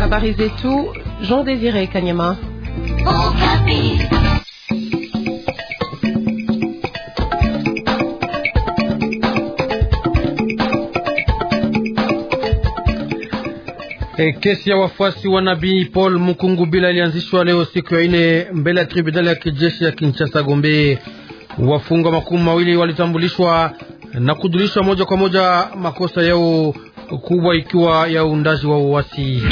Habari zetu Jean Désiré Kanyama. E, kesi ya wafuasi wa Nabii Paul mukungu bila ilianzishwa leo siku ya ine mbele ya tribunali ya kijeshi ya Kinshasa Gombe. Wafungwa makumi mawili walitambulishwa na kujulishwa moja kwa moja makosa yao kubwa ikiwa ya uundaji wa uwasi.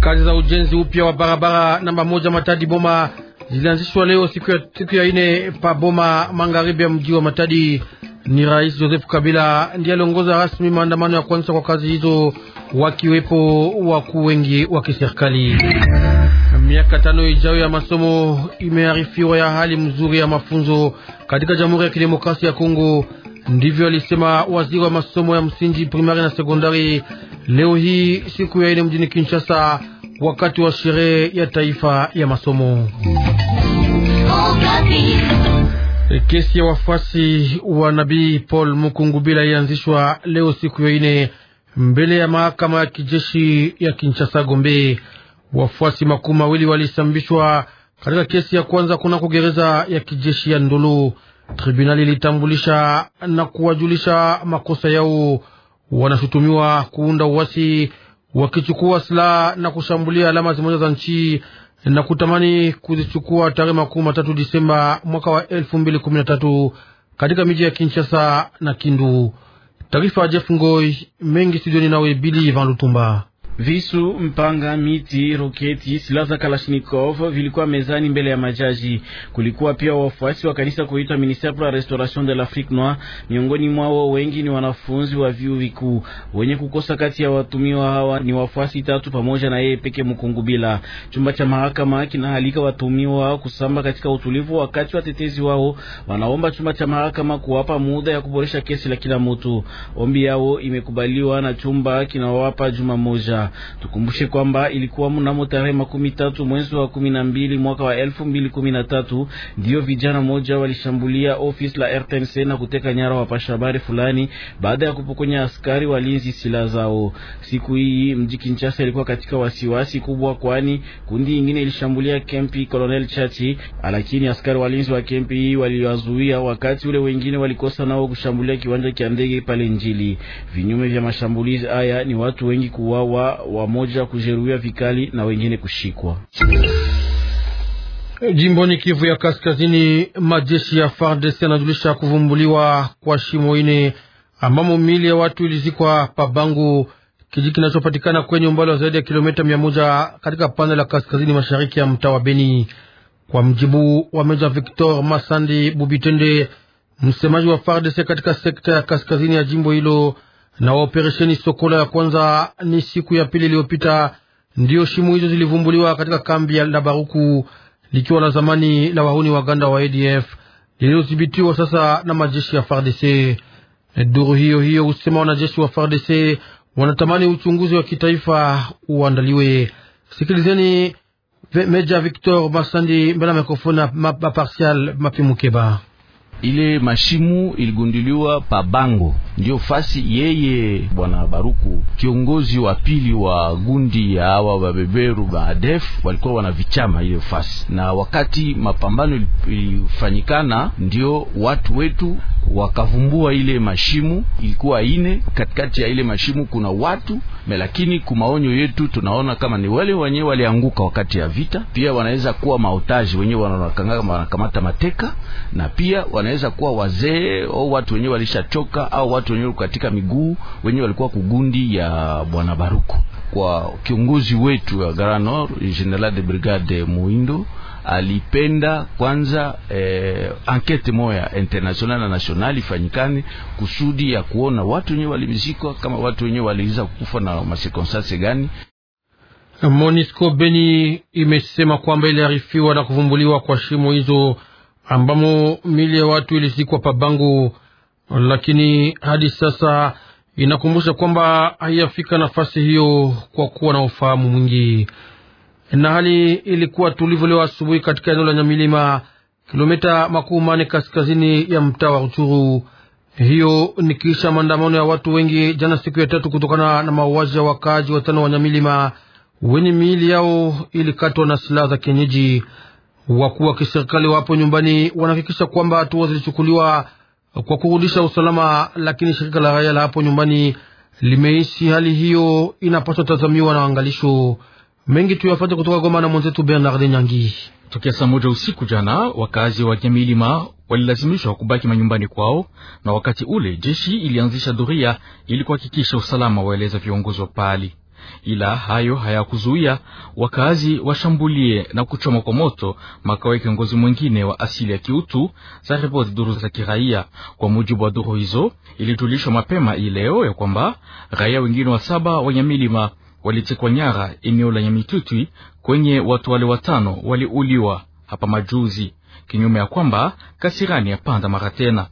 Kazi za ujenzi upya wa barabara namba moja Matadi Boma zilianzishwa leo siku ya, siku ya ine pa Boma magharibi ya mji wa Matadi. Ni Rais Joseph Kabila ndiye aliongoza rasmi maandamano ya kuanzisha kwa kazi hizo, wakiwepo wakuu wengi wa kiserikali. Miaka tano ijayo ya masomo imearifiwa ya hali mzuri ya mafunzo katika Jamhuri ya Kidemokrasia ya Kongo Ndivyo alisema waziri wa masomo ya msingi primari na sekondari leo hii siku ya ine mjini Kinshasa wakati wa sherehe ya taifa ya masomo. Kesi ya wafuasi wa nabii Paul Mukungubila ilianzishwa leo siku ya ine mbele ya mahakama ya kijeshi ya Kinshasa Gombe. Wafuasi makumi mawili walisambishwa katika kesi ya kwanza kuna kugereza ya kijeshi ya ndulu Tribunali ilitambulisha na kuwajulisha makosa yao. Wanashutumiwa kuunda uasi, wakichukua silaha na kushambulia alama zimoja za nchi na kutamani kuzichukua tarehe makumi matatu Disemba mwaka wa elfu mbili kumi na tatu katika miji ya Kinshasa na Kindu. Taarifa ya Jeff Ngoi mengi studioni, nawe Bili Van Lutumba. Visu, mpanga, miti, roketi, silaha za Kalashnikov vilikuwa mezani mbele ya majaji. Kulikuwa pia wafuasi wa kanisa kuitwa Ministere pour la Restauration de l'Afrique Noire, miongoni mwao wengi ni wanafunzi wa vyuo vikuu. Wenye kukosa kati ya watumiwa hawa ni wafuasi tatu pamoja na yeye peke mkungu bila. Chumba cha mahakama kinahalika watumiwa kusamba katika utulivu, wakati watetezi wao wanaomba chumba cha mahakama kuwapa muda ya kuboresha kesi la kila mtu. Ombi yao imekubaliwa na chumba kinawapa juma moja. Tukumbushe kwamba ilikuwa mnamo tarehe makumi tatu mwezi wa kumi na mbili mwaka wa elfu mbili kumi na tatu ndiyo vijana moja walishambulia ofisi la RTNC na kuteka nyara wapasha habari fulani baada ya kupokonya askari walinzi silaha zao. Siku hii mji Kinshasa ilikuwa katika wasiwasi kubwa, kwani kundi ingine ilishambulia kempi Colonel Chachi, lakini askari walinzi wa kempi hii waliwazuia, wakati ule wengine walikosa nao kushambulia kiwanja kya ndege pale Njili. Vinyume vya mashambulizi haya ni watu wengi kuuawa wamoja kujeruhiwa vikali na wengine kushikwa. E, jimboni Kivu ya Kaskazini, majeshi ya FARDC yanajulisha kuvumbuliwa kwa shimo ine ambamo miili ya watu ilizikwa Pabangu, kijiji kinachopatikana kwenye umbali wa zaidi ya kilomita mia moja katika pande la kaskazini mashariki ya mtaa wa Beni. Kwa mjibu wa Meja Victor Masandi Bubitende, msemaji wa FARDC katika sekta ya kaskazini ya jimbo hilo, na operesheni Sokola ya kwanza ni siku ya pili iliyopita, ndiyo shimo hizo zilivumbuliwa katika kambi ya Labaruku likiwa la zamani la wahuni Waganda wa ADF lililodhibitiwa sasa na majeshi ya FARDC. Duru hiyo hiyo husema wanajeshi wa FARDC wanatamani uchunguzi wa kitaifa uandaliwe. Sikilizeni Meja Victor Masandi mbele ya mikrofoni Partial Mapimukeba ile mashimu iligunduliwa pa Bango, ndio fasi yeye bwana Baruku, kiongozi wa pili wa gundi ya hawa wabeberu baadef, walikuwa wana vichama ile fasi, na wakati mapambano ilifanyikana, ndio watu wetu wakavumbua ile mashimu ilikuwa ine. Katikati ya ile mashimu kuna watu lakini, kumaonyo yetu tunaona kama ni wale wenyewe walianguka wakati ya vita, pia wanaweza kuwa maotaji wenyewe wanakamata mateka, na pia wanaweza kuwa wazee au watu wenyewe walishachoka, au watu wenyewe katika miguu wenyewe walikuwa kugundi ya bwana Baruku. Kwa kiongozi wetu wa Grand Nord, General de Brigade Muindo alipenda kwanza eh, ankete moya international na national ifanyikane kusudi ya kuona watu wenyewe walimizikwa kama watu wenyewe waliiza kukufa na masekonsanse gani. Monisco Beni imesema kwamba iliarifiwa na kuvumbuliwa kwa shimo hizo ambamo mili ya watu ilizikwa Pabangu, lakini hadi sasa inakumbusha kwamba haiyafika nafasi hiyo kwa kuwa na ufahamu mwingi na hali ilikuwa tulivu leo asubuhi katika eneo la Nyamilima, kilomita makumi mane kaskazini ya mtaa wa Ruchuru. Hiyo ni kisha maandamano ya watu wengi jana siku ya tatu kutokana na mauaji ya wakaaji watano wa Nyamilima wenye miili yao ilikatwa na silaha za kienyeji. Wakuu wa kiserikali wapo nyumbani, wanahakikisha kwamba hatua zilichukuliwa kwa kurudisha usalama, lakini shirika la raia la hapo nyumbani limeishi hali hiyo inapaswa tazamiwa na waangalisho. Mengi tuyafate kutoka Goma na mwenzetu Bernard Nyangi. Tokea saa moja usiku jana, wakazi wa Nyamilima walilazimishwa kubaki manyumbani kwao, na wakati ule jeshi ilianzisha doria ili kuhakikisha usalama, waeleza viongozi wa pahali. Ila hayo hayakuzuia wakazi washambulie na kuchoma kwa moto makao ya kiongozi mwingine wa asili ya Kiutu, za ripoti duru za kiraia. Kwa mujibu wa duru hizo, ilijulishwa mapema ileo ya kwamba raia wengine wa saba wa Nyamilima walitekwa nyara eneo la Nyamitutwi kwenye watu wale watano waliuliwa hapa majuzi, kinyume ya kwamba kasirani yapanda mara tena.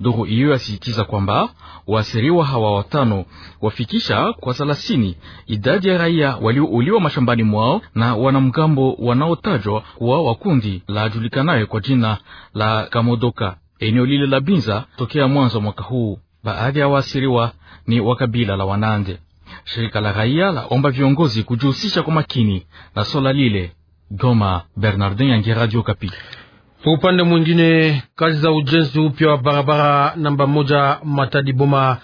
Duru hiyo yasisitiza kwamba waasiriwa hawa watano wafikisha kwa thelathini idadi ya raia waliouliwa mashambani mwao na wanamgambo wanaotajwa kuwa wakundi la julikanayo kwa jina la Kamodoka eneo lile la Binza tokea mwanzo mwaka huu. Baadhi ya waasiriwa ni wa kabila la Wanande shirika la raia la omba viongozi kujihusisha kwa makini na swala lile. Goma, Bernardin Yange, Radio Kapi. Kwa upande mwingine, kazi za ujenzi upya wa barabara namba moja Matadi Boma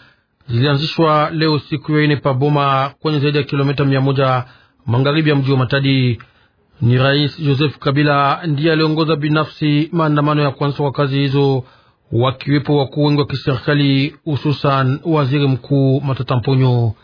zilianzishwa leo siku ya ine pa Boma, kwenye zaidi ya kilomita mia moja magharibi ya mji wa Matadi. Ni Rais Joseph Kabila ndiye aliongoza binafsi maandamano ya kuanzishwa kwa kazi hizo, wakiwepo wakuu wengi wa kiserikali, hususan waziri mkuu Matata Mponyo.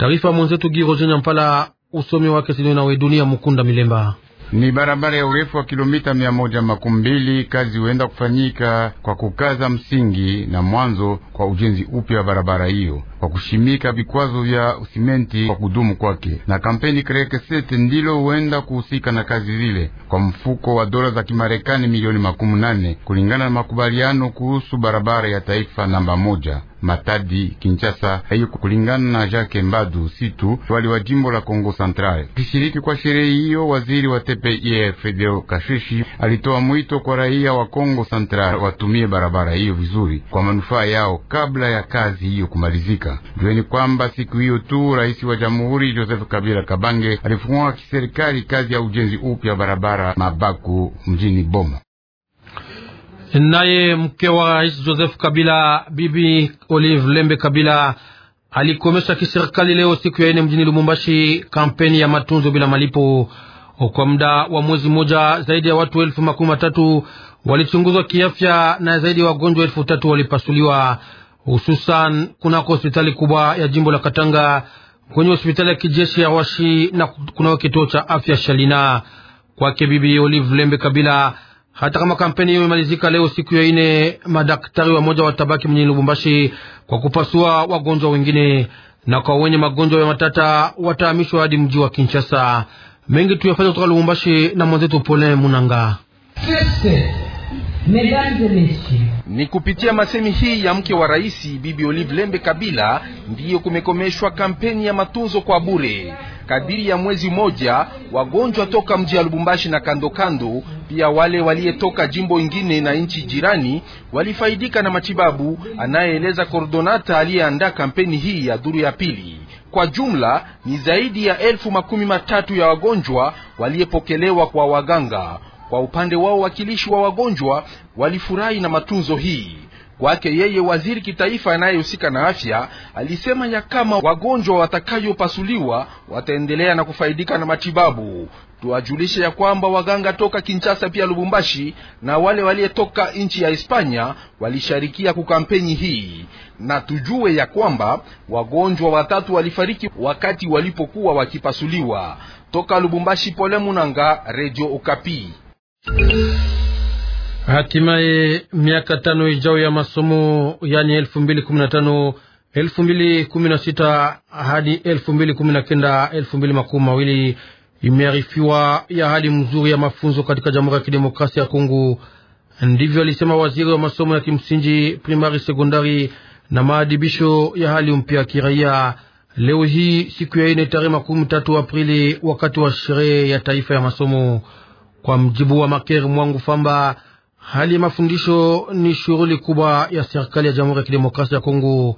Taarifa mwenzetu Girojenya Mpala, usomi wake na Wedunia Mukunda Milemba ni barabara ya urefu wa kilomita mia moja makumi mbili. Kazi huenda kufanyika kwa kukaza msingi na mwanzo kwa ujenzi upya wa barabara hiyo kwa kushimika vikwazo vya usimenti kwa kudumu kwake, na kampeni Kreke Sete ndilo huenda kuhusika na kazi zile kwa mfuko wa dola za Kimarekani milioni makumi nane kulingana na makubaliano kuhusu barabara ya taifa namba moja Matadi Kinshasa. hayo kulingana na Jacques Mbadu Situ, wali wa jimbo la Kongo Central. Kishiriki kwa sherehe hiyo, waziri wa TPIF e Fedeo Kashishi alitoa mwito kwa raia wa Kongo Central watumie barabara hiyo vizuri kwa manufaa yao kabla ya kazi hiyo kumalizika. Afrika. Jueni kwamba siku hiyo tu rais wa jamhuri Joseph Kabila Kabange alifungua kiserikali kazi ya ujenzi upya barabara Mabaku mjini Boma. Naye mke wa rais Joseph Kabila bibi Olive Lembe Kabila alikomesha kiserikali leo siku ya ine mjini Lumumbashi kampeni ya matunzo bila malipo kwa muda wa mwezi mmoja. Zaidi ya watu elfu makumi matatu walichunguzwa kiafya na zaidi ya wagonjwa elfu tatu walipasuliwa hususan kunako hospitali kubwa ya jimbo la Katanga, kwenye hospitali ya kijeshi ya Washi na kunao kituo cha afya Shalina. Kwake Bibi Olive Lembe Kabila, hata kama kampeni hiyo imemalizika leo siku ya ine, madaktari wa moja watabaki mjini Lubumbashi kwa kupasua wagonjwa wengine, na kwa wenye magonjwa ya matata watahamishwa hadi mji wa Kinshasa. Mengi tuyafanya kutoka Lubumbashi na mwenzetu Pole Munanga. Ni kupitia masemi hii ya mke wa rais Bibi Olive Lembe Kabila ndiyo kumekomeshwa kampeni ya matunzo kwa bure. Kadiri ya mwezi mmoja, wagonjwa toka mji ya Lubumbashi na kando kando, pia wale waliyetoka jimbo ingine na nchi jirani walifaidika na matibabu, anayeeleza kordonata aliyeandaa kampeni hii ya duru ya pili. Kwa jumla ni zaidi ya elfu makumi matatu ya wagonjwa waliyepokelewa kwa waganga. Kwa upande wao wakilishi wa wagonjwa walifurahi na matunzo hii. Kwake yeye waziri kitaifa anayehusika na afya alisema ya kama wagonjwa watakayopasuliwa wataendelea na kufaidika na matibabu. Tuwajulishe ya kwamba waganga toka Kinshasa pia Lubumbashi na wale waliyetoka nchi ya Hispania walisharikia kukampeni hii, na tujue ya kwamba wagonjwa watatu walifariki wakati walipokuwa wakipasuliwa. Toka Lubumbashi, Pole Munanga, Radio Okapi. Hatimaye miaka tano ijao ya masomo yani elfu mbili kumi na tano elfu mbili kumi na sita hadi elfu mbili kumi na kenda elfu mbili makumi mawili imearifiwa ya hali mzuri ya mafunzo katika Jamhuri ya Kidemokrasia ya Kongo. Ndivyo alisema waziri wa masomo ya kimsingi, primari, sekondari na maadibisho ya hali mpya ya kiraia leo hii siku ya ine tarehe makumi tatu Aprili wakati wa sherehe ya taifa ya masomo. Kwa mjibu wa makeri Mwangu Famba, hali ya mafundisho ni shughuli kubwa ya serikali ya Jamhuri ya Kidemokrasia ya Kongo,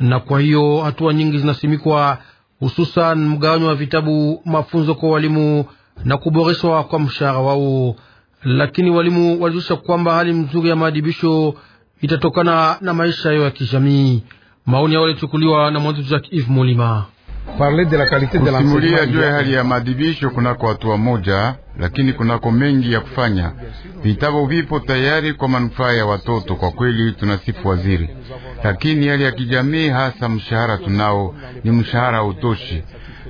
na kwa hiyo hatua nyingi zinasimikwa, hususan mgawanyo wa vitabu, mafunzo kwa walimu na kuboreshwa kwa mshahara wao. Lakini walimu walijulisha kwamba hali mzuri ya maadibisho itatokana na maisha yao ya kijamii. Maoni yao yalichukuliwa na mwandishi Jacques eve Molima kusimulia juu ya hali ya madibisho kunako hatua moja, lakini kunako mengi ya kufanya. Vitabu vipo tayari kwa manufaa ya watoto. Kwa kweli tunasifu waziri, lakini hali ya kijamii, hasa mshahara tunao ni mshahara utoshi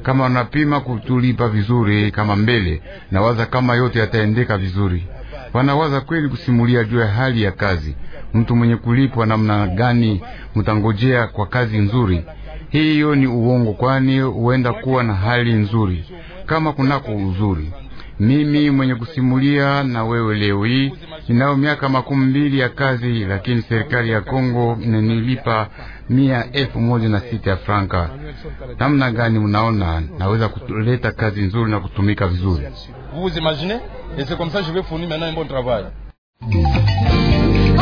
kama unapima kutulipa vizuri kama mbele, nawaza kama yote yataendeka vizuri. Wanawaza kweli kusimulia juu ya hali ya kazi, mtu mwenye kulipwa namna gani, mutangojea kwa kazi nzuri hiyo ni uongo, kwani huenda kuwa na hali nzuri kama kunako uzuri. Mimi mwenye kusimulia na wewe leo hii ninayo miaka makumi mbili ya kazi, lakini serikali ya Kongo inanilipa mia elfu moja na sita ya franka. Namna gani mnaona naweza kuleta kazi nzuri na kutumika vizuri?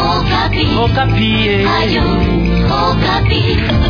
Okapi. Okapi. Eh.